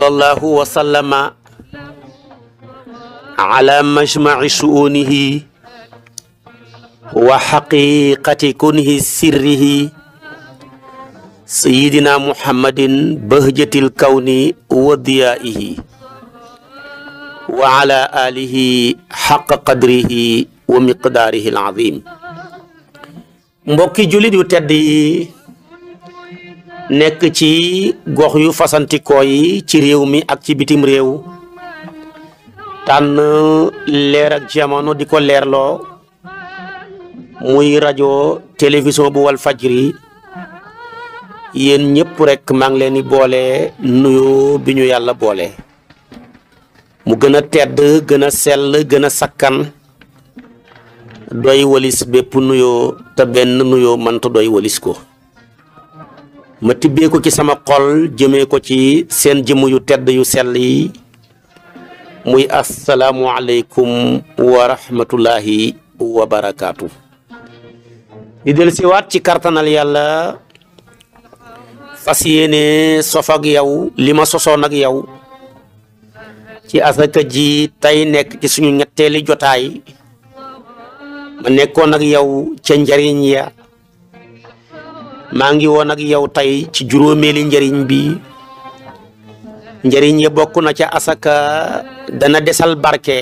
sallallahu wa sallama ala majmaci suunihi wa xaqiqati kunhi sirrihi sayidina muhammadin bahjatil kawni wa diyaihi wa ala alihi xaqa qadrihi wa miqdaarihi alazim mbokki julit yu tedd yi nekk ci gox yu fasantikoo yi ci réew mi ak ci bitim réew tànn leer ak jamono di ko leerloo muy rajo télévision bu wal fajri yéen ñëpp rek maa ngi leen di boole nuyoo bi ñu yàlla boole mu gën a tedd gën a sell gën a sakkan doy walis bépp nuyoo te benn nuyoo mënta doy walis ko ma tibbee ko ci sama xol jëmee ko ci seen jëmm yu tedd yu sell yi muy asalaamualeykum wa rahmatullahi wa barakaatu. di del siwaat ci kartanal yàlla fas yéene sof ak yow li ma sosoon ak yow ci asaka ji tey nekk ci suñu ñetteeli jotaay ma nekkoon ak yow ca njariñ ya maa ngi woon ak yow tey ci juróomeeli njariñ bi njëriñ ya bokk na ca asaka dana desal barke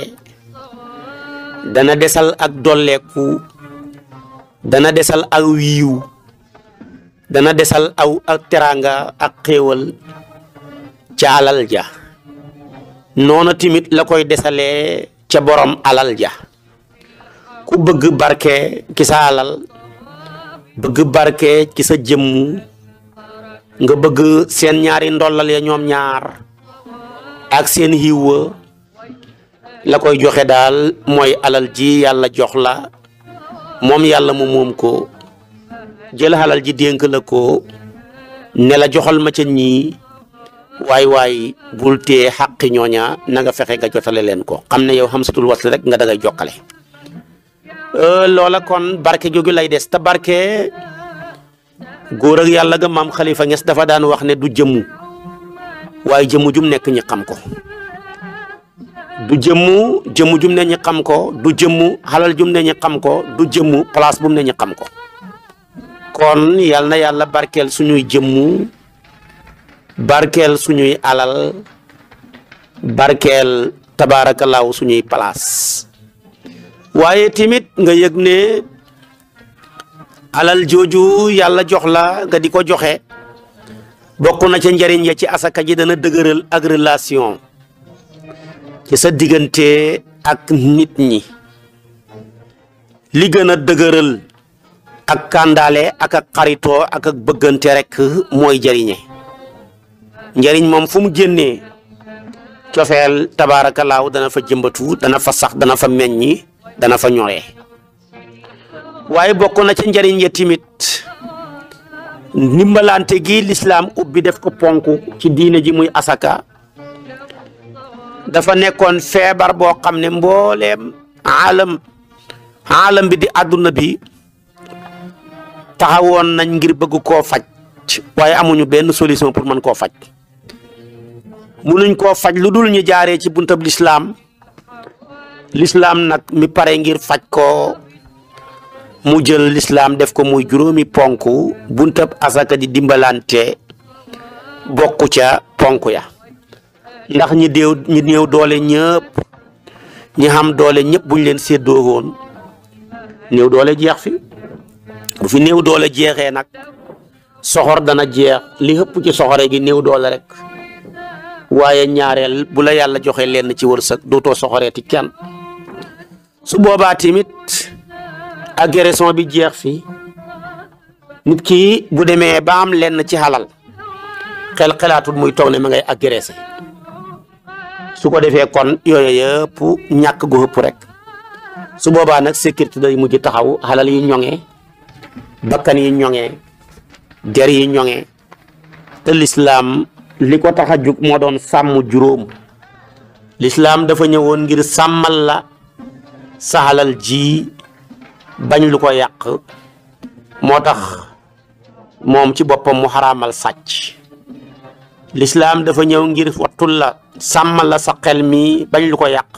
dana desal ak dolleeku dana desal aw yiw dana desal aw ak teraanga ak xéewal ca alal ja noona tamit la koy desalee ca borom alal ja ku bëgg barke ki sa alal bëgg barke ci sa jëmm nga bëgg seen ñaari ndollal ya ñoom ñaar ak seen xiiwa la koy joxe daal mooy alal ji yàlla jox la moom yàlla mu moom ko jël alal ji dénk la ko ne la joxal ma ca ñii waay waay bul tee xàqi ñooña na nga fexe nga jotale leen ko xam ne yow xam satul wasli rek nga dangay jokkale Euh, loola kon barke jooju lay des te barke góor ak yàlla ga maam Khalifa Niass dafa daan wax ne du jëmmu waaye jëmmu jum nekk ñi xam ko du jëmmu jëmmu jum ne ñi xam ko du jëmmu xalal jum ne xam ko du jëmmu place bum ne ñi xam ko kon yal na yàlla barkeel suñuy jëmmu barkeel suñuy alal barkeel tabaarakallaahu suñuy place waaye tamit nga yëg ne alal jooju yàlla jox la di ko joxe bokk na ca njëriñ ya ci asaka ji dana dëgëral ak relation ci sa diggante ak nit ñi li gën a dëgëral ak kàndale ak ak xarito ak ak bëggante rek mooy jëriñe njëriñ moom fu mu génnee cofeel tabaarakallaahu dana fa jëmbatu dana fa sax dana fa meññi dana fa ñoree waaye bokk na ci njëriñ ya timit ndimbalante gi lislaam ubbi def ko ponk ci diine ji muy asaka dafa nekkoon feebar boo xam ne mbooleem aalam aalam bi di àdduna bi taxawoon nañ ngir bëgg koo faj waaye amuñu benn solution pour mën koo faj munuñ koo faj lu dul ñu jaaree ci buntab lislaam lislaam nag mi pare ngir faj ko mu jël lislaam def ko muy juróomi ponk buntab asaka di dimbalante bokku ca ponk ya ndax ñi déew ñi néew doole ñëpp ñi xam doole ñëpp buñ leen seddoo woon néew doole jeex fi bu fi néew doole jeexee nag soxor dana jeex li ëpp ci soxore gi néew doole rek waaye ñaareel bu la yàlla joxe lenn ci wërsëg dootoo soxoreeti kenn su boobaa tamit agression bi jeex fi nit ki bu demee baam am lenn ci xalal xel xelaatut muy toog ne ma ngay agressé su ko defee kon yooyu yëpp ñàkk gu ëpp rek su boobaa nag sécurité day mujj taxaw xalal yi ñoŋee bakkan yi ñoŋee der yi ñoŋee te lislaam li ko tax a jug moo doon sàmm juróom lislaam dafa ñëwoon ngir sàmmal la saxalal ji bañ lu ko yàq moo tax moom ci boppam mu xaraamal sàcc lislaam dafa ñëw ngir wattul la sàmmal la sa xel bañ lu ko yàq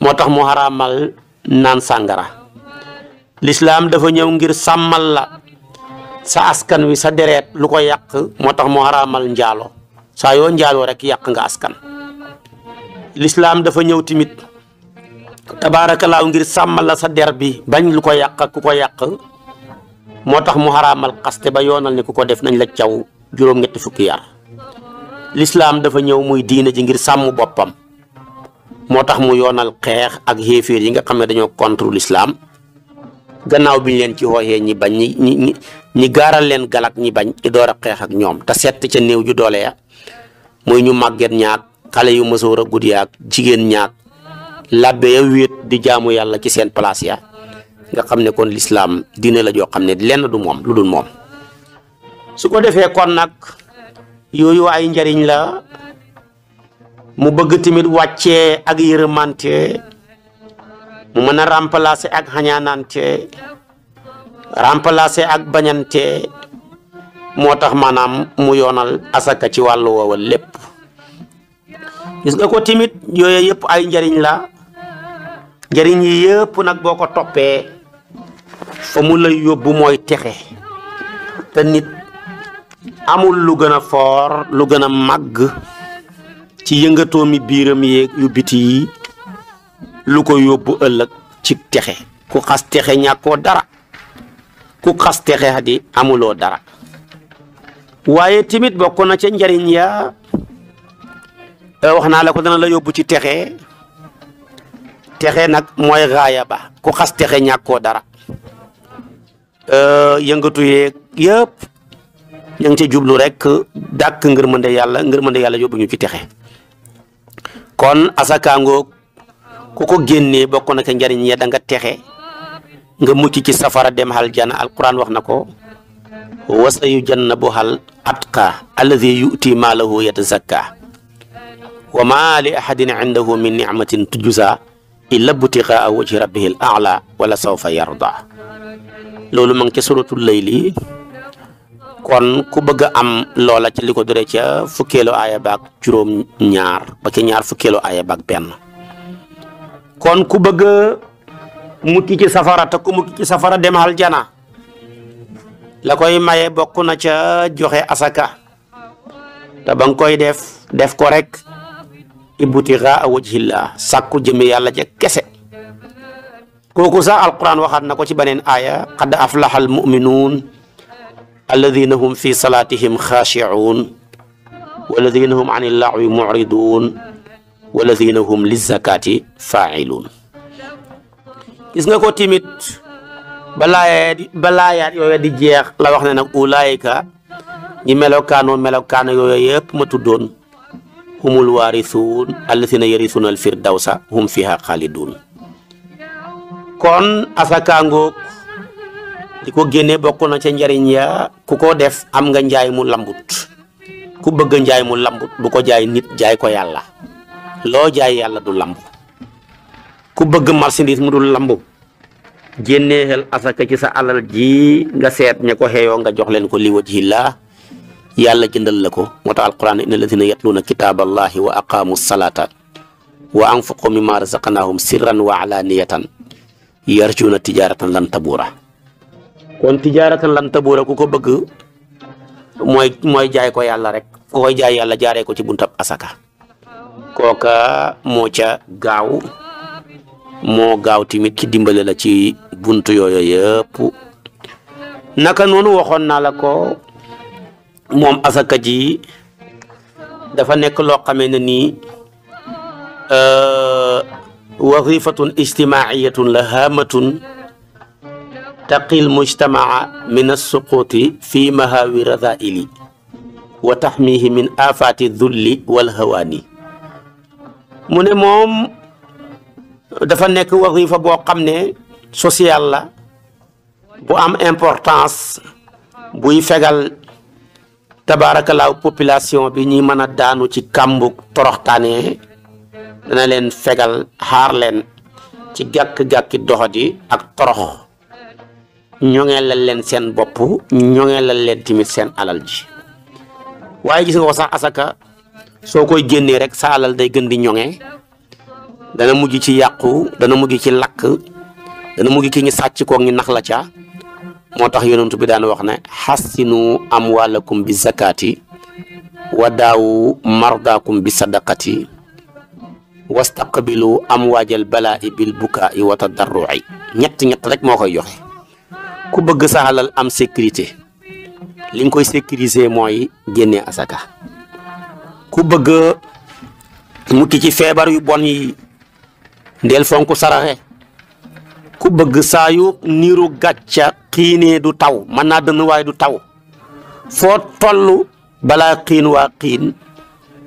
moo tax mu xaraamal naan sàngara lislaam dafa ñëw ngir sàmmal sa askan wi sa deret lu ko yàq moo tax mu xaraamal njaalo saa yoo njaaloo rek yàq nga askan lislaam dafa ñëw timit tabaarakallaahu ngir sàmmal la sa der bi bañ lu ko yàq ku ko yàq moo tax mu xaraamal xaste ba yoonal ne ku ko def nañ la caw juróom-ñetti fukki yar lislaam dafa ñëw muy diina ji ngir sàmm boppam moo tax mu yoonal xeex ak xéeféer yi nga xam ne dañoo contre lislaam gannaaw bi ñu leen ci xooxee ñi bañ ñi ñi ñi gaaral leen galak ñi bañ di door a xeex ak ñoom te sett ca néew ju doole ya muy ñu màgget ñaak xale yu mësoor a gudd jigéen ñaak labbe ya wéet di jaamu yàlla ci seen place ya nga xam ne kon lislaam diine la joo xam ne lenn du moom lu dul moom su ko defee kon nag yooyu ay njariñ la mu bëgg tamit wàccee ak yërëmante mu mën a remplacer ak xañaanante remplacer ak bañante moo tax maanaam mu yoonal asaka ci wàllu woowa lépp gis nga ko timit yooyu yëpp ay njariñ la njariñ yi yëpp nag boo ko toppee fa mu lay yóbbu mooy texe te nit amul lu gën a foor lu gën a màgg ci yëngatoo mi biiram yu biti yi lu ko yóbbu ëllëg ci texe ku xas texe ñàkkoo dara ku xas texe di amuloo dara waaye tamit bokk na ca njariñ ya eh, wax naa la ko dana la yóbbu ci texe texe nag moy raaya ba ku xas texe ñàkkoo dara eh, yëngatu yeeg yëpp ña ngi ca jublu rek dàkk ngërmande yàlla ngërmande yàlla yóbbu ñu ci texe kon asakaangoog ku ko génnee bokk na ko njariñ ya da nga texe nga mucc ci safara dem xal jana alquran wax na ko wa sayujannabuhal atqa allazi yu'ti maalahu yatazakka wa ma li ahadin indahu min nicmatin tujza illa butiqaa wajhi rabbihil a'la wala sawfa yarda loolu ma ngi ci suratul layli kon ku bëgg am loola ci li ko doree ca fukkeelu aaya baak juróom ñaar ba ca ñaar fukkeelu aaya baak benn kon ku bëgg mucc ci safara te ku safara dem aljana la koy maye bokk na ca joxe asaka te ba nga koy def def ko rek ibtigaa wajhillah sàkku jëme yàlla ca kese kooku sax alquran waxaat na ko ci beneen aaya qad aflaha almuminuun alladina hum fi salatihim xaashicuun walladina hum an illaxwi mucriduun walladina hum lizakati faailun gis nga ko timit balaayaat balaayaat yooyu di jeex la wax ne nag ulaayika ñi melokaanoo melokaano yooyu yëpp ma humul waarisuun allasina yarisuuna al firdawsa hum fiha xaaliduun kon asakaangoog di ko génne bokk na ca njariñ ya ku ko def am nga njaay mu lambut ku bëgg njaay mu lambut bu ko jaay nit jaay ko yàlla loo jaay yàlla du lamb ku bëgg marchandise mu du lamb génneexel asaka ci sa alal ji nga seet ña ko nga jox leen ko li wajhillah yàlla jëndal la ko moo tax alquran inna alladina yatluuna kitaaballahi wa aqaamu salaata wa anfaqu mimma razaqnahum sirran wa alaaniyatan yarjuuna tijaaratan lan tabuura kon tijaaratan lan tabuura ku ko bëgg mooy mooy jaay ko yàlla rek ko koy jaay yàlla jaaree ko ci buntab asaka kooka moo ca gaaw moo gaaw tamit ci dimbale la ci bunt yooyu yëpp naka noonu waxoon naa la ko moom asaka ji dafa nekk loo xamee ni nii euh, wazifatun ijtimaiyatun la haamatun taqil mujtamaa min assuquti fi mahaawi radaili wa taxmihi min afaati dulli wal hawaani mu ne moom dafa nekk wasifa boo xam ne social la bu am importance buy fegal tabaarakalaaw population bi ñi mën a daanu ci kàmbu toroxtaane dana leen fegal xaar leen ci gàkk-gàkki doxadi ak torox la leen seen bopp ñoŋeelal leen tamit seen alal ji waaye gis nga ko asaka soo koy génnee rek sa day gën di ñoŋe dana mujj ci yàqu dana mujj ci lakk dana mujj ki ñu sàcc koog ñu nax la ca moo tax yonent bi daan wax ne xassinu amwaalakum bi zakati wa daawu mardaakum bi am wastaqbilu amwaajal balaa'i bil bukaa'i wa tadarru'i ñett ñett rek moo koy joxe ku bëgg sa am sécurité li nga koy sécuriser mooy génnee asaka ku bëgg mucc ci feebar yu bon yi ndeel fonk saraxe ku bëgg saa niiru gàcca xiinee du taw mën naa dënn waaye du taw foo toll balaa xiin waa xiin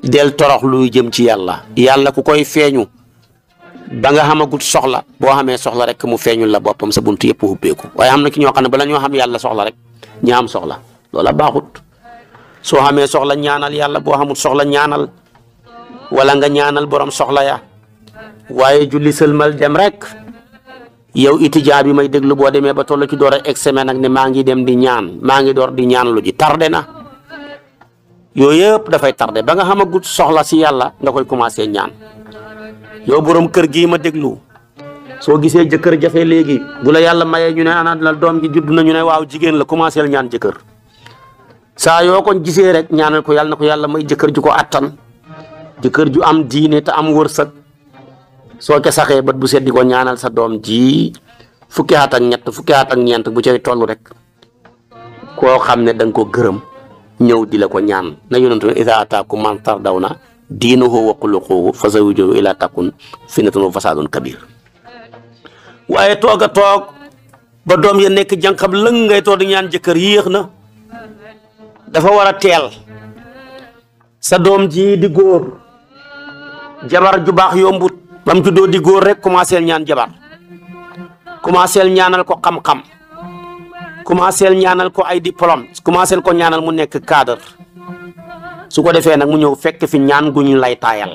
del torox luy jëm ci yàlla yàlla ku koy feeñu ba nga xamagut soxla boo xamee soxla rek mu feeñul la boppam sa bunt yëpp ubbeeku waaye am na ki ñoo xam ne bala ñoo xam yàlla soxla rek ña soxla loola baaxut soo xamee soxla ñaanal yàlla boo xamul soxla ñaanal wala nga ñaanal borom soxla ya waaye julli sëlmal dem rek yow itijaa bi may déglu boo demee ba toll ci door a egg semaine ak ne maa ngi dem di ñaan maa ngi door di ñaan lu ji tardé na yooyu yëpp dafay tarde ba nga xamagut soxla si yàlla nga koy commencé ñaan yoo borom kër gii ma déglu soo gisee jëkkër jafe léegi bu la yàlla mayee ñu ne ana la doom ji judd na ñu ne waaw jigéen la commencé ñaan jëkkër. saa yoo kon gisee rek ñaanal ko yàlla na ko yàlla may jëkkër ju ko attan jëkkër ju am diine te am wërsëg soo ke saxee bët bu set di ko ñaanal sa doom ji fukki at ak ñett fukki at ak ñeent bu cay toll rek koo xam ne da ko gërëm ñëw di ko ñaan na yonentu ne iza ataakum man tardawna diinahu wa xuluquhu fa zawwijuhu ilaa takun fitnatun wa fasaadun kabir waaye toog toog ba doom ya nekk jànqam lëng ngay toog ñaan jëkkër yéex na dafa war a teel sa doom ji di góor jabar ju baax yombut bam mu juddoo di góor rek commencé ñaan jabar commencé ñaanal ko xam-xam commencé ñaanal ko ay diplôme commencé ko ñaanal mu nekk cadre su ko defee nag mu ñëw fekk fi ñaan gu ñu lay taayal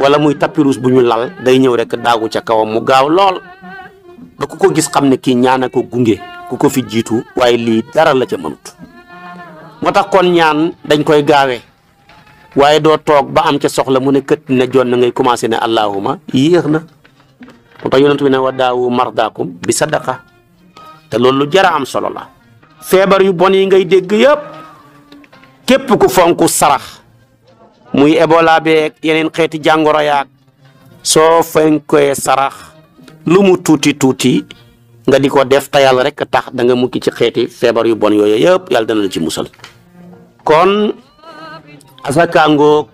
wala muy tapirus bu ñu lal day ñëw rek daagu ca kawam mu gaaw lool ba ku ko gis xam ne kii ñaana ko gunge ku ko fi jiitu waaye lii dara la ca mënut. moo tax kon ñaan dañ koy gaawee waaye doo toog ba am ca soxla mu ne kët ne jon na ngay commencé ne allahuma yéex na moo tax yonent bi ne wa mardaakum bi sadaqa te loolu lu jar a am solo la feebar yu bon yi ngay dégg yëpp képp ku fonk sarax muy Ebola yeneen xeeti jàngoro yaag soo fonkoyee sarax lu mu tuuti tuuti nga di ko def te yàlla rek tax da nga mukki ci xeeti feebar yu bon yooyu yëpp yàlla dana la ci musal kon asakaangoog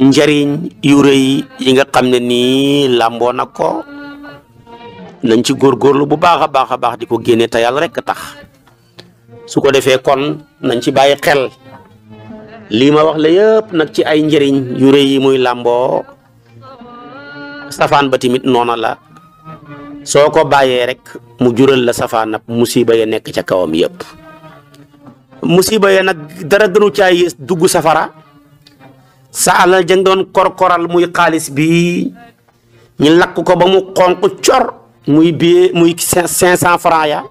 njariñ yu rëy yi nga xam ne nii làmboo nag ko nañ ci góor góorlu bu baax a baax a baax di ko génne te yàlla rek tax su ko defee kon nañ ci bàyyi xel lii ma wax la yëpp nag ci ay njëriñ yu rëy yi muy làmboo safaan ba tamit noona la soo ko bàyyee rek mu jural la safaanab musiba ya nekk ca kawam yëpp musiba ya nag dara gënu caa dugg safara sa alal jëng doon korkoral muy xaalis bi ñu lakk ko ba mu xonq cor muy billet muy cinq cent franc ya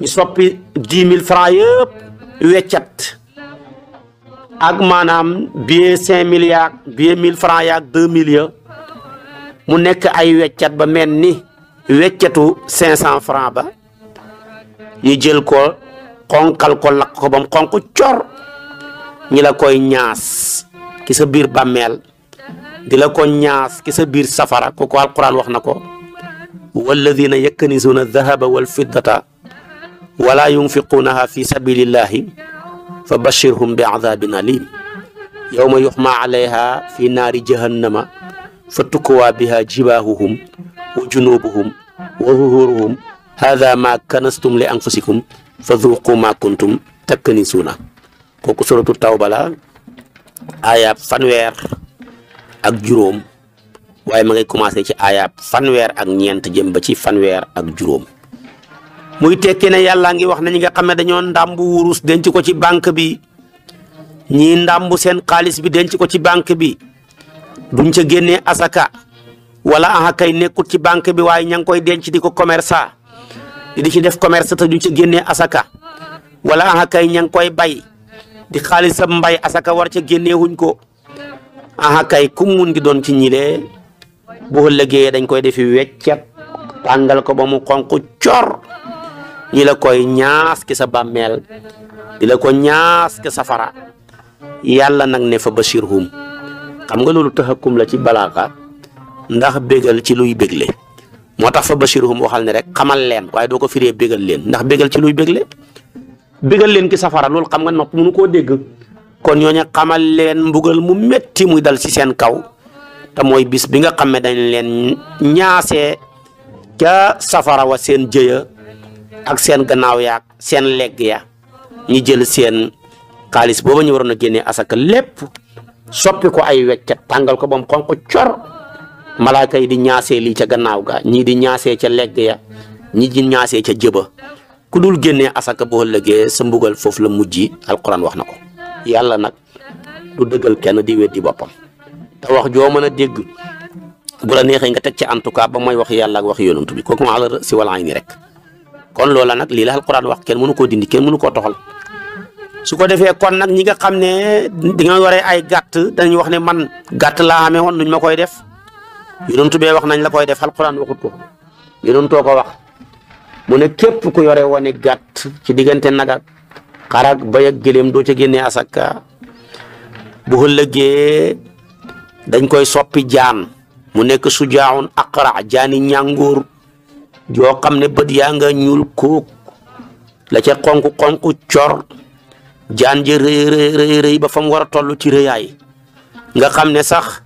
ñu soppi dix mille franc yëpp weccat ak maanaam billet cinq mille yaag billet mille franc yaag deux mille ya mu nekk ay weccat ba mel ni weccatu cinq cent ba ñu jël ko xonqal ko lakk ko ba mu xonq cor ñi la koy ñaas ki sa biir bàmmeel di la ko ñaas ki sa biir safara kooku alquran wax na ko walladina yaknisuuna aldahaba walfiddata wala yunfiquunaha fi sabilillahi fa bashirhum bi adabin alim yowma yuxma alayha fi naari jahannama فتكوى بها جباههم وجنوبهم le هذا ما كنستم لأنفسكم فذوقوا ما كنتم تكنسون كوكو سورة التوبة لا آية فانوير ak juróom waaye ma ngay commencé ci aayaab fanweer ak ñeent jëm ba ci fanweer ak juróom muy tekkee ne yàllaa ngi wax na ñi nga xam ne dañoo ndàmb wurus denc ko ci banque bi ñii ndàmb seen xaalis bi denc ko ci banque bi duñ ca génnee asaka wala aha kay nekkul ci banque bi waaye ña ngi koy denc di ko commerçant di ci def commerce te duñ ca génnee asaka wala aha kay ña ngi koy bay di xaalisam mbay asaka war ca génnee wuñ ko aha kay ku mun di doon ci ñi de bu ëllëgee dañ koy defi weccet tàngal ko ba mu xonq cor ñi la koy ñaas ki sa bàmmeel di la ko ñaas ki safara yàlla nag ne fa bashirhum xam nga loolu taxakum la ci balaaxa ndax bégal ci luy bégle moo tax fa bashiruhum waxal ne rek xamal leen waaye doo ko firee bégal leen ndax bégal ci luy bégle bégal leen ki safara loolu xam nga nopp mënu koo dégg kon ñooñu xamal leen mbugal mu metti muy dal ci seen kaw te mooy bis bi nga xam ne dañ leen ñaasee ca safara wa seen jëya ak seen gannaaw yaag seen legg ya ñu jël seen xaalis booba ñu waroon a génnee asaka lépp soppi ko ay weccet tàngal ko ba mu xonq cor malaaka yi di ñaasee lii ca gannaaw ga ñii di ñaasee ca legg ya ñii di ñaasee ca jëba ku dul génnee asaka boo lëggee sa mbugal foofu la mujj alquran wax na ko yàlla nag du dëggal kenn di weddi boppam te wax joo a dégg bu la neexee nga teg ci ba mooy wax yàlla ak wax yonent bi kooku ma ala si walaay ni rek kon loola nag lii la alquran wax kenn mënu koo dindi kenn mënu koo toxal su ko defee kon nag ñi nga xam ne di nga yore ay gàtt dañuy wax ne man gàtt laa amee woon nuñ ma koy def yonent bee wax nañ la koy def alquran waxut ko yonentoo ko wax mu ne képp ku yore woon gàtt ci diggante nag ak xar ak bëy ak gëléem doo ca génnee asaka bu ëllëgee dañ koy soppi jaan mu nekk sujaaun aqra jaani ñàngoor yoo xam ne bët yaa nga ñuul kook la ca xonk xonk cor jaan ja rëy rëy rëy ba fa mu war a tollu ci rëyaay nga xam ne sax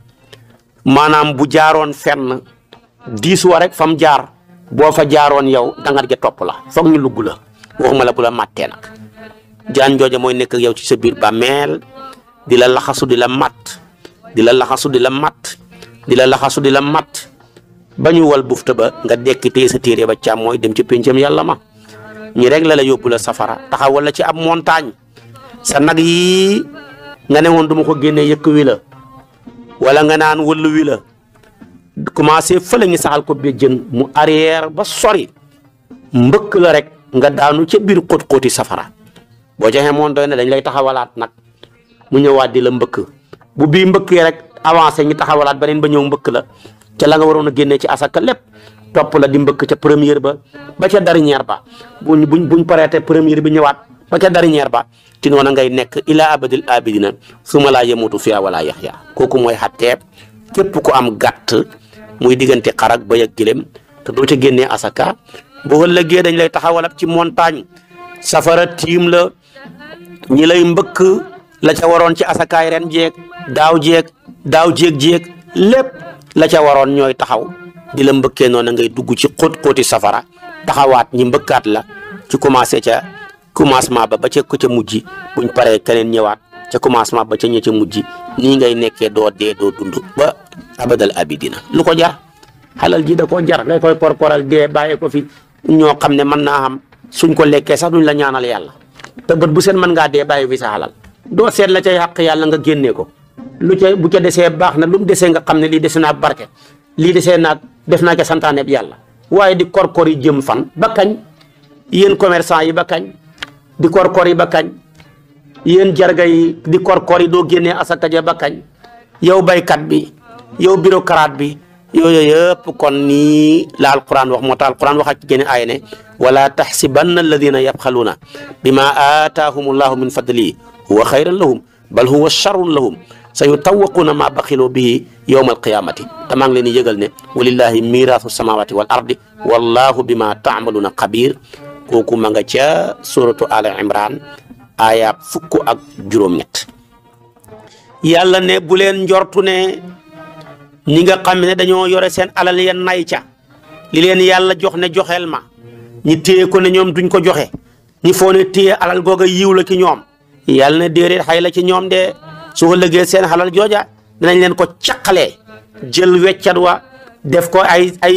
maanaam bu jaaroon fenn diis wa rek fa mu jaar boo fa jaaroon yow dangar ja topp la foog ñu lugg la waxuma la bu la màttee nag jaan jooja mooy nekk ak yow ci sa biir bàmmeel di la laxasu di la matt di la laxasu di la matt di la laxasu di la matt ba ñu wal bufta ba nga dekki téye sa téere ba mooy dem ci péncam yàlla ma ñu rek la la yóbbu safara taxawal ci ab montagne. sa nag yii nga ne woon du ma ko génnee yëkk wi la wala nga naan wëllu wi la commencé fële ñu saxal ko ba jën mu arrière ba sori mbëkk la rek nga daanu ca biir kot xóoti safara boo joxee moom doy na dañ lay taxawalaat nag mu ñëwaat di la mbëkk bu bii mbëkkee rek avancé ñu taxawalaat beneen ba ñëw mbëkk la ca la nga waroon a génnee ci asaka lépp topp la di mbëkk ca première ba ba ca dernière ba buñ buñ buñ pareete première bi ñëwaat ba ca dernière ba ci noona ngay nekk ila abadil abidina suma laa yemutu fiya wala yaxya kooku mooy xatteeb képp ko am gàtt muy diggante xar ak bëy ak te doo ca génnee asaka boo ëllëgee dañ lay taxawalab ci montagne safara tiim la ñi lay mbëkk la ca waroon ci asakaay ren jeeg daaw jeeg daaw jéeg-jéeg lépp la ca waroon ñooy taxaw di la mbëkkee noona ngay dugg ci xóot xóoti safara taxawaat ñi mbëkkaat la ci commencé ca commencement ba ba ca ko ca mujj buñ paree keneen ñëwaat ca commencement ba ca ña ca mujj nii ngay nekkee doo dee doo dund ba abadal abidina lu ko jar xalal ji da koo jar ngay koy porporal dee bàyyee ko fi ñoo xam ne man naa xam suñ ko lekkee sax duñ la ñaanal yàlla te bët bu seen man ngaa dee bàyyi fi sa xalal doo seet la cay xàq yàlla nga génnee ko lu ca bu ca desee baax na lu mu desee nga xam ne lii dese naa barke lii desee naa def naa ca santaane bi yàlla di korkor yi ba kañ yéen jarga yi di korkor yi doo génnee asaka ja ba kañ yow baykat bi yow bureaucrate bi yooyu yëpp kon nii la alquran wax moo tax alquran wax ak génne aay ne wala taxsibanna alladina yabxaluuna bima aataahum allahu min fadlihi huwa xayran lahum bal huwa charrun lahum sa yutawaquuna maa baxiloo bihi yowma alqiyamati te maa ngi leen di yëgal ne walillahi mirathu samawati wal ardi wallahu bima taamaluuna xabir kooku ma nga ca suratu al imran aya fukk ak juróom-ñett yàlla ne bu leen njortu ne ñi nga xam ne dañoo yore seen alal ya nay li leen yàlla jox ne joxeel ma ñi téye ko ne ñoom duñ ko joxe ñi foo ne téye alal googa yiw la ci ñoom yàlla ne déedéet xay la ci ñoom de su ëllëgee seen alal jooja dinañ leen ko caqalee jël weccat wa def ko ay ay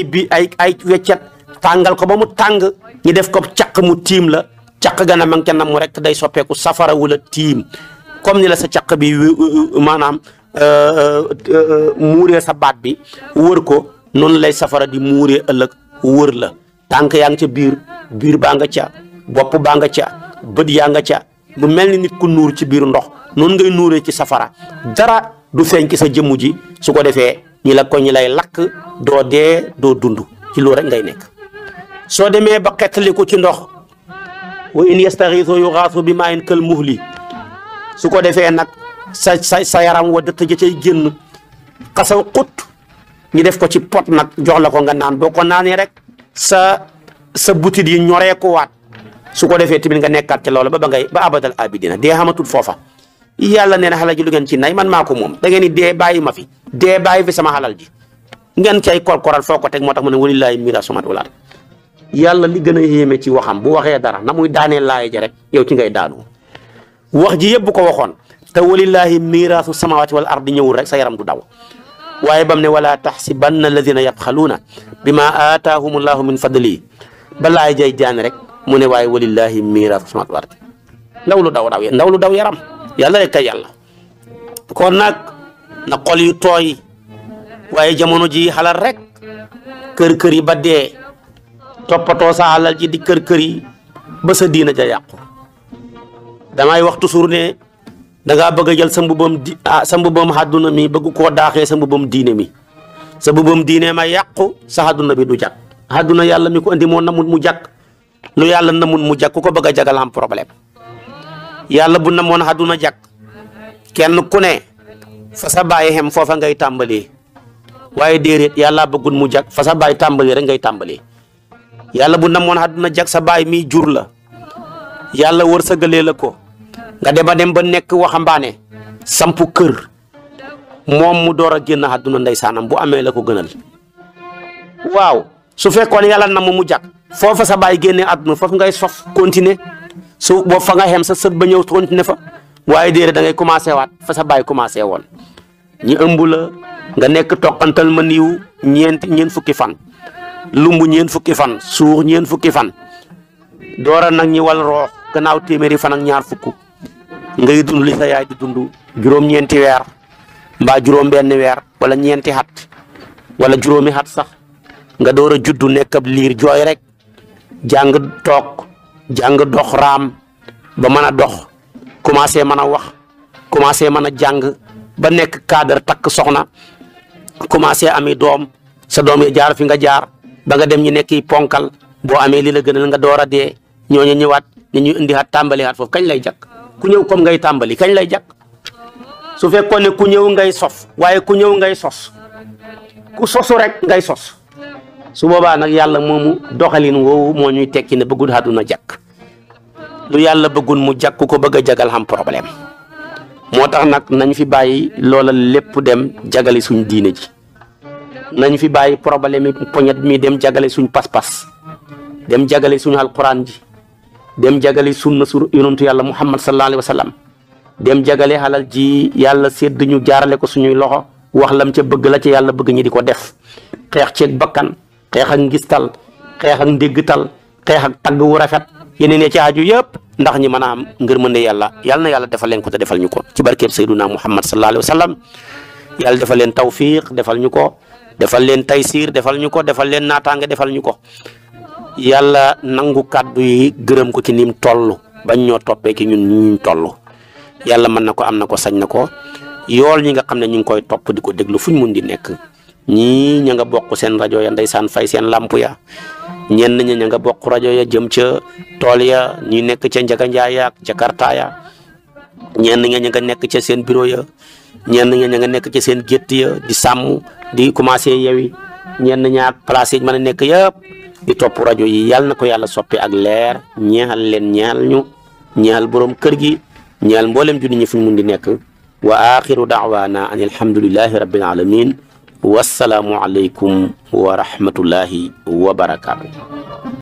ay weccat tàngal ko ba mu tàng ñu def ko caq mu tiim la caq gana ma nga ca rek day soppeeku safara wala tiim comme ni la sa caq bi maanaam euh, euh, euh, muuree sa baat bi wër ko noonu lay safara di muuree ëllëg wër la tànk yaa ngi ca biir biir baa nga ca bopp baa nga ca bët yaa nga ca bu mel ni nit ku nuur ci biir ndox noonu ngay nuuree ci safara dara du feeñ ci sa jëmm ji su ko defee ñi la ko ñi lay lakk doo dee doo dund ci loolu rek ngay nekk soo demee ba xettaliku ci ndox wa in yastaxiisu yuxaasu bi maa in kël muhli su ko defee nag sa sa sa yaram wa dëtt ja cay génn xasaw xut ñu def ko ci pot nag jox la ko nga naan boo ko naanee rek sa sa butit yi ñoree ko waat su ko defee tamit nga nekkaat ca loola ba ba ngay ba abadal abidina dee xamatul foofa yàlla nee na xalal ji lu ngeen ci nay man maa ko moom da ngeen di dee bàyyi ma fi dee bàyyi fi sama xalal ji ngeen cay korkoral foo ko teg moo tax mu ne walillahi mirasu samaawaati wal ard yàlla li gën a yéeme ci waxam bu waxee dara na muy daaneel laay rek yow ci ngay daanu wax ji yëpp bu ko waxoon te walillahi miraasu samawati wal ardi ñëwul rek sa yaram du daw waaye bam ne wala taxsibanna alladina yabxaluuna bima aataahum allahu min fadli ba laay jay jaan rek mu ne waaye walillahi miraasu samawati wal ardi ndaw lu daw daw ndaw lu daw yaram yàlla rek kay yàlla kon nag na xol yu tooy waaye jamono ji xalaat rek kër kër yi ba dee toppatoo sa alal ji di kër-kër yi ba sa diina ja yàqu damay wax toujours ne da ngaa bëgg jël sa mbubam di ah, sa mbubam àdduna mi bëgg koo daaxee sa mbubam diine mi sa mbubam diine ma yàqu sa àdduna bi du jag àdduna yàlla mi ko andi moo namut mu jag lu yàlla namut mu jàkk ku ko bëgg a jagal am problème yàlla bu namoon àdduna jàkk kenn ku ne fa sa bàyyi xem foofa ngay tàmbalee waaye déedéet yàlla bëggul mu jag fa sa bàyyi tàmbalee rek ngay tàmbalee yàlla bu namoon àdduna jag sa baay mi jur la yàlla wërsëgalee la ko nga dem a dem ba nekk waxambaane sampu kër moom mu door a génn àdduna saanam bu amee la ko gënal waaw su fekkoon yàlla na mu mu jag foofa sa baay génnee àdduna foofu ngay sof continuer su boo fa nga xem sa sët ba ñëw continuer fa waaye déedéet da commencé waat fa sa baay commencé woon ñi ëmb la nga nekk toqantal ma niiw ñeent ñeent fukki fan. lumb ñeent fukki fan suux ñeen fukki fan doora nag ñi wal roox gannaaw téeméeri fan ak ñaar fukk ngay dund sa yaay di dund juróom-ñeenti weer mbaa juróom-benn weer wala ñeenti xat wala juróomi xat sax nga door a juddu nekk ab liir jooy rek jàng toog jàng dox raam ba mën a dox commencé mën a wax commencé mën a jàng ba nekk cadre takk soxna commencé ami doom sa doom ya jaar fi nga jaar ba nga dem ñu nekk ponkal boo amee li la gënal nga door a dee ñooñu ñëwaat ñu ñu indiwaat tàmbaliwaat foofu kañ lay jàkk ku ñëw comme ngay tàmbali kañ lay jàkk su fekkoon ne ku ñëw ngay sos waaye ku ñëw ngay sos ku sosu rek ngay sos su boobaa nag yàlla moomu doxalin woowu moo ñuy tekki ne bëggul àdduna jàkk lu yàlla bëggul mu jàkk ko bëgg a jagal xam moo tax nag nañu fi bàyyi loola lépp dem jagali suñ diine ji nañ fi bàyyi problème yi poñet mi dem jagale suñ pas-pas dem jagale suñu alquran ji dem jagale sunna sur yonantu yàlla muhammad sallallahu alayhi wa sallam dem jagale xalal ji yàlla sédd ñu jaarale ko suñuy loxo wax lam ca bëgg la ca yàlla bëgg ñi di ko def xeex ceeg bakkan xeex ak ngistal xeex ak ndéggtal xeex ak tagg wu rafet yeneen ci aaju yëpp ndax ñi mën a am ngërmande yàlla yàlla na yàlla defal leen ko te defal ñu ko ci barkeeb sayduna muhammad sallallahu alayhi wa sallam yàlla defal leen tawfiq defal ñu ko defal leen siir defal ñu ko defal leen naataange defal ñu ko yàlla nangu kàddu yi gërëm ko ci nim toll bañ ñoo toppeeki ci ñun ñu toll yàlla mën na ko am na ko sañ na ko yool ñi nga xam ne ñu ngi koy topp di ko déglu fuñ mun di nekk ñii ña nga bokk seen rajo ya ndeysaan fay seen làmp ya ñenn ña ña nga bokk rajo ya jëm ca tool ya ñi nekk ca Njaga ya ak Jakarta ya ñenn ña ña nga nekk ca seen bureau ya ñenn ña nga nekk ci seen gétt ya di sàmm di commencé yewi ñenn ñaar place yi mën nekk yëpp di topp rajo yi yàlla na ko yàlla soppi ak leer ñeexal leen ñeexal ñu ñeexal boroom kër gi ñeexal mboolem junni ñi fu ñu mun di nekk wa axiru daawaana an alhamdulillahi rabbil alamin wassalaamu aleykum wa rahmatullahi wa barakaatu